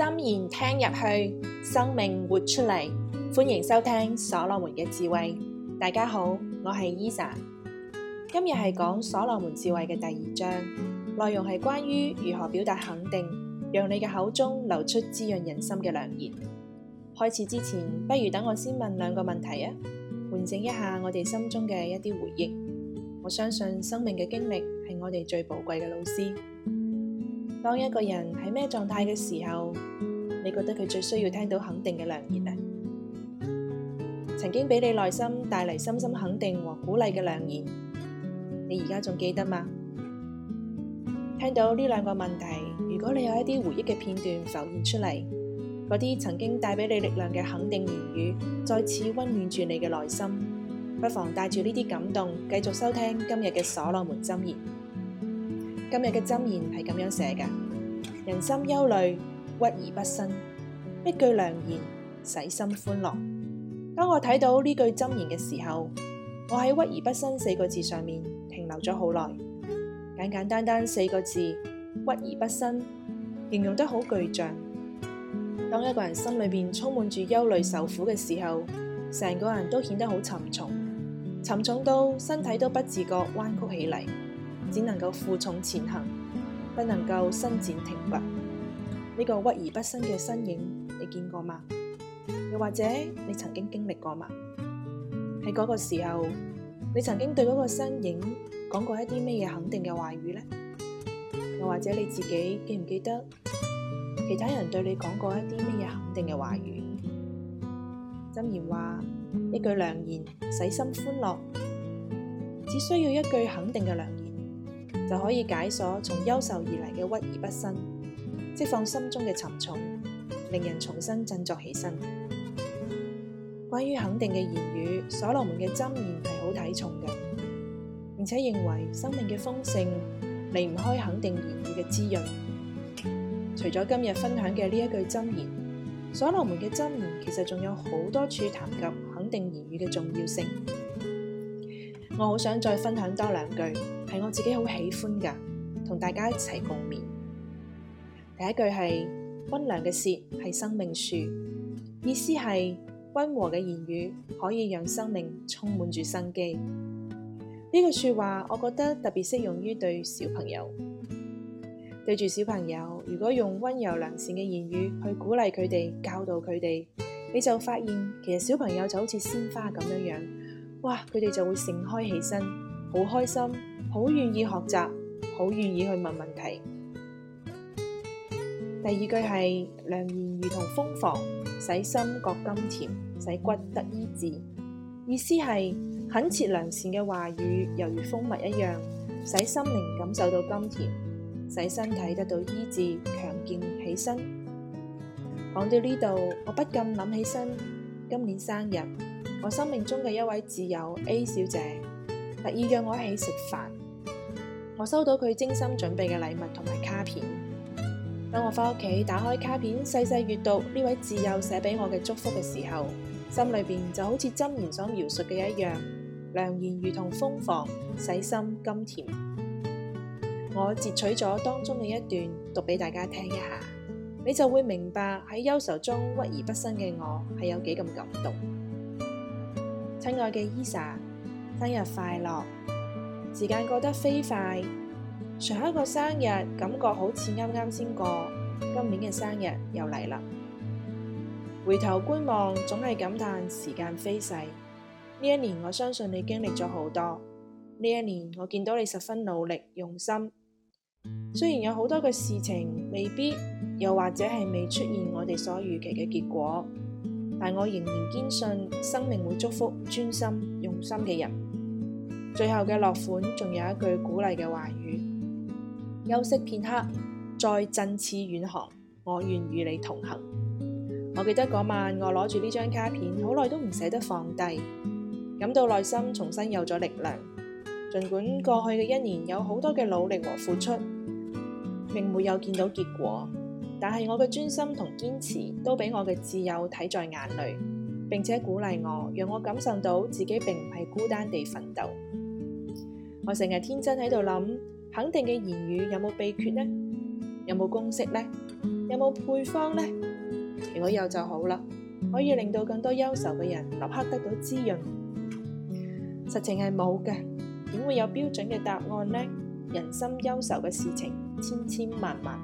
心言聽入去，生命活出嚟。歡迎收聽《所羅門嘅智慧》。大家好，我係 Esa。今日係講《所羅門智慧》嘅第二章，內容係關於如何表達肯定，讓你嘅口中流出滋潤人心嘅良言。開始之前，不如等我先問兩個問題啊，喚醒一下我哋心中嘅一啲回憶。我相信生命嘅經歷係我哋最寶貴嘅老師。當一個人喺咩狀態嘅時候，你覺得佢最需要聽到肯定嘅良言呢？曾經俾你內心帶嚟深深肯定和鼓勵嘅良言，你而家仲記得嗎？聽到呢兩個問題，如果你有一啲回憶嘅片段浮現出嚟，嗰啲曾經帶俾你力量嘅肯定言語，再次溫暖住你嘅內心，不妨帶住呢啲感動，繼續收聽今日嘅所羅門箴言。今日嘅箴言係咁樣寫嘅：人心憂慮，屈而不伸，一句良言，使心歡樂。當我睇到呢句箴言嘅時候，我喺屈而不伸四個字上面停留咗好耐。簡簡單,單單四個字，屈而不伸，形容得好具象。當一個人心裏面充滿住憂慮、受苦嘅時候，成個人都顯得好沉重，沉重到身體都不自覺彎曲起嚟。只能夠負重前行，不能夠伸展挺拔。呢個屈而不伸嘅身影，你見過嗎？又或者你曾經經歷過嗎？喺嗰個時候，你曾經對嗰個身影講過一啲咩嘢肯定嘅話語咧？又或者你自己記唔記得其他人對你講過一啲咩嘢肯定嘅話語？箴言話，一句良言使心歡樂，只需要一句肯定嘅良。就可以解鎖從憂愁而嚟嘅屈而不伸，釋放心中嘅沉重，令人重新振作起身。關於肯定嘅言語，所羅門嘅箴言係好睇重嘅，並且認為生命嘅豐盛離唔開肯定言語嘅滋潤。除咗今日分享嘅呢一句箴言，所羅門嘅箴言其實仲有好多處談及肯定言語嘅重要性。我好想再分享多兩句。係我自己好喜歡㗎，同大家一齊共勉。第一句係溫良嘅舌係生命樹，意思係溫和嘅言語可以讓生命充滿住生機。呢句說話，我覺得特別適用於對小朋友。對住小朋友，如果用溫柔良善嘅言語去鼓勵佢哋、教導佢哋，你就發現其實小朋友就好似鮮花咁樣樣，哇！佢哋就會盛開起身，好開心。好願意學習，好願意去問問題。第二句係良言如同蜂房，使心覺甘甜，使骨得醫治。意思係肯切良善嘅話語，猶如蜂蜜一樣，使心靈感受到甘甜，使身體得到醫治，強健起身。講到呢度，我不禁諗起身，今年生日，我生命中嘅一位摯友 A 小姐，特意約我一起食飯。我收到佢精心準備嘅禮物同埋卡片，當我翻屋企打開卡片細細閱讀呢位摯友寫俾我嘅祝福嘅時候，心裏邊就好似箴言所描述嘅一樣，良言如同蜂房，使心甘甜。我截取咗當中嘅一段讀俾大家聽一下，你就會明白喺憂愁中屈而不伸嘅我係有幾咁感動。親愛嘅伊莎，生日快樂！時間過得飛快，上一個生日感覺好似啱啱先過，今年嘅生日又嚟啦。回頭觀望，總係感嘆時間飛逝。呢一年我相信你經歷咗好多，呢一年我見到你十分努力用心。雖然有好多嘅事情未必，又或者係未出現我哋所預期嘅結果，但我仍然堅信生命會祝福專心用心嘅人。最後嘅落款仲有一句鼓勵嘅話語：休息片刻，再振翅遠航，我願與你同行。我記得嗰晚我攞住呢張卡片，好耐都唔捨得放低，感到內心重新有咗力量。盡管過去嘅一年有好多嘅努力和付出，並沒有見到結果，但係我嘅專心同堅持都俾我嘅摯友睇在眼裏，並且鼓勵我，讓我感受到自己並唔係孤單地奮鬥。我成日天真喺度諗，肯定嘅言語有冇秘訣呢？有冇公式呢？有冇配方呢？如果有就好啦，可以令到更多憂愁嘅人立刻得到滋潤。實情係冇嘅，點會有標準嘅答案呢？人心憂愁嘅事情千千萬萬，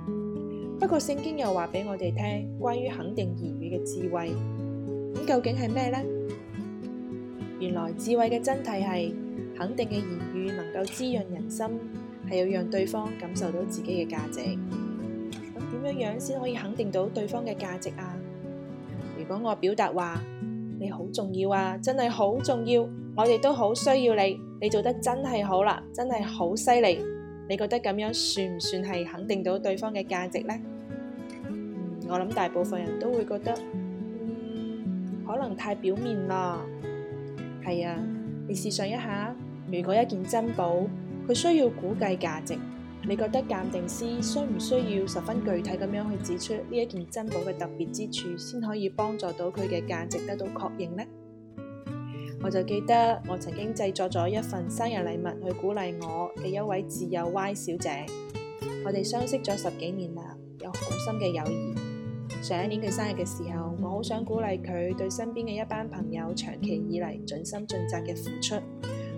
不過聖經又話俾我哋聽，關於肯定言語嘅智慧，咁究竟係咩呢？原來智慧嘅真諦係肯定嘅言。能夠滋潤人心，係要讓對方感受到自己嘅價值。咁點樣樣先可以肯定到對方嘅價值啊？如果我表達，話你好重要啊，真係好重要，我哋都好需要你，你做得真係好啦，真係好犀利。你覺得咁樣算唔算係肯定到對方嘅價值呢？我諗大部分人都會覺得，可能太表面啦。係啊，你試想一下。如果一件珍寶，佢需要估計價值，你覺得鑒定師需唔需要十分具體咁樣去指出呢一件珍寶嘅特別之處，先可以幫助到佢嘅價值得到確認呢？我就記得我曾經製作咗一份生日禮物去鼓勵我嘅一位摯友 Y 小姐，我哋相識咗十幾年啦，有好深嘅友誼。上一年佢生日嘅時候，我好想鼓勵佢對身邊嘅一班朋友長期以嚟盡心盡責嘅付出。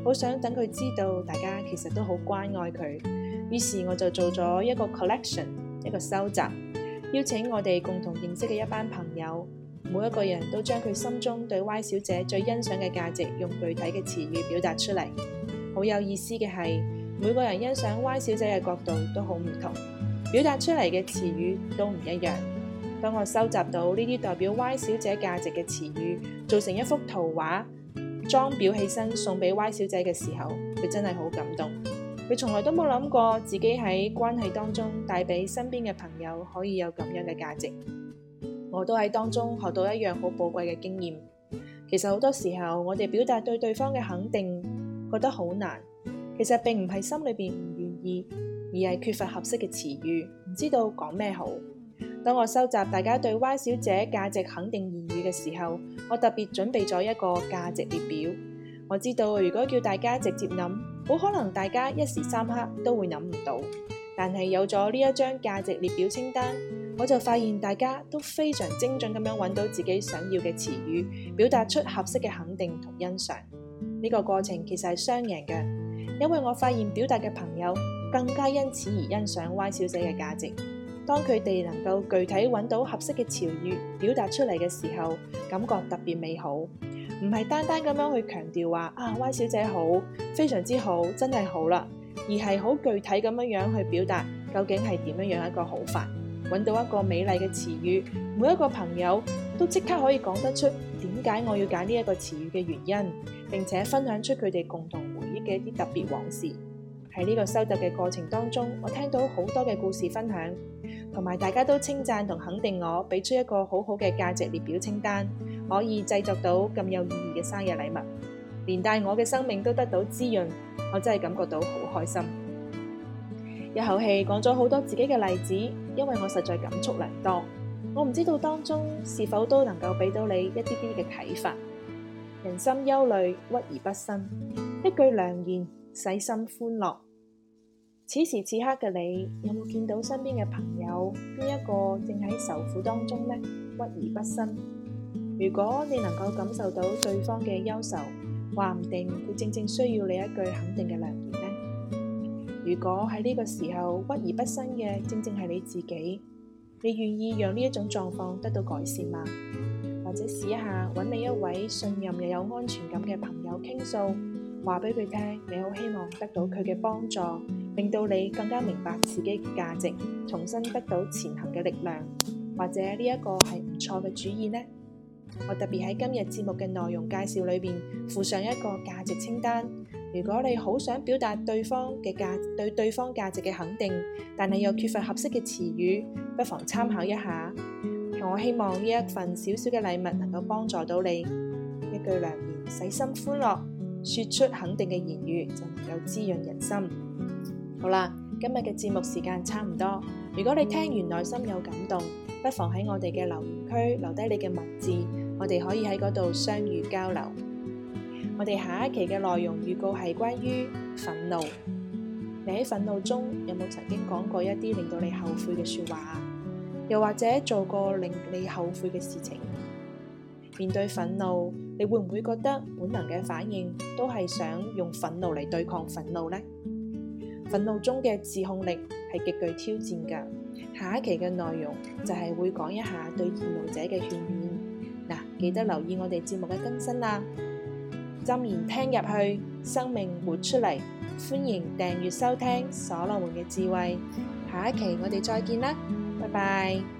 好想等佢知道，大家其實都好關愛佢。於是，我就做咗一個 collection，一個收集，邀請我哋共同認識嘅一班朋友，每一個人都將佢心中對 Y 小姐最欣賞嘅價值，用具體嘅詞語表達出嚟。好有意思嘅係，每個人欣賞 Y 小姐嘅角度都好唔同，表達出嚟嘅詞語都唔一樣，當我收集到呢啲代表 Y 小姐價值嘅詞語，做成一幅圖畫，裝裱起身送俾 Y 小姐嘅時候，佢真係好感動。佢從來都冇諗過自己喺關係當中帶俾身邊嘅朋友可以有咁樣嘅價值。我都喺當中學到一樣好寶貴嘅經驗。其實好多時候我哋表達對對方嘅肯定，覺得好難。其實並唔係心裏邊唔願意，而係缺乏合適嘅詞語，唔知道講咩好。當我收集大家對 Y 小姐價值肯定言語嘅時候，我特別準備咗一個價值列表。我知道如果叫大家直接諗，好可能大家一時三刻都會諗唔到。但係有咗呢一張價值列表清單，我就發現大家都非常精準咁樣揾到自己想要嘅詞語，表達出合適嘅肯定同欣賞。呢個過程其實係雙贏嘅，因為我發現表達嘅朋友更加因此而欣賞 Y 小姐嘅價值。當佢哋能夠具體揾到合適嘅詞語表達出嚟嘅時候，感覺特別美好。唔係單單咁樣去強調話啊，Y 小姐好，非常之好，真係好啦，而係好具體咁樣樣去表達究竟係點樣樣一個好法，揾到一個美麗嘅詞語，每一個朋友都即刻可以講得出點解我要揀呢一個詞語嘅原因，並且分享出佢哋共同回憶嘅一啲特別往事。喺呢個收集嘅過程當中，我聽到好多嘅故事分享，同埋大家都稱讚同肯定我，俾出一個好好嘅價值列表清單，可以製作到咁有意義嘅生日禮物，連帶我嘅生命都得到滋潤，我真係感覺到好開心。一口氣講咗好多自己嘅例子，因為我實在感觸良多。我唔知道當中是否都能夠俾到你一啲啲嘅啟發。人心憂慮，屈而不伸，一句良言使心歡樂。此時此刻嘅你，有冇見到身邊嘅朋友邊一個正喺受苦當中呢？屈而不伸。如果你能夠感受到對方嘅憂愁，話唔定佢正正需要你一句肯定嘅良言呢。如果喺呢個時候屈而不伸嘅正正係你自己，你願意讓呢一種狀況得到改善嗎？或者試一下揾你一位信任又有安全感嘅朋友傾訴，話俾佢聽，你好希望得到佢嘅幫助。令到你更加明白自己嘅價值，重新得到前行嘅力量，或者呢一個係唔錯嘅主意呢？我特別喺今日節目嘅內容介紹裏邊附上一個價值清單。如果你好想表達對方嘅價值，對對方價值嘅肯定，但係又缺乏合適嘅詞語，不妨參考一下。我希望呢一份少少嘅禮物能夠幫助到你。一句良言，使心歡樂；說出肯定嘅言語，就能夠滋潤人心。好啦，今日嘅節目時間差唔多。如果你聽完內心有感動，不妨喺我哋嘅留言區留低你嘅文字，我哋可以喺嗰度相遇交流。我哋下一期嘅內容預告係關於憤怒。你喺憤怒中有冇曾經講過一啲令到你後悔嘅說話？又或者做過令你後悔嘅事情？面對憤怒，你會唔會覺得本能嘅反應都係想用憤怒嚟對抗憤怒呢？憤怒中嘅自控力係極具挑戰噶，下一期嘅內容就係會講一下對易怒者嘅勸勉。嗱，記得留意我哋節目嘅更新啦。箴言聽入去，生命活出嚟。歡迎訂閱收聽所羅門嘅智慧。下一期我哋再見啦，拜拜。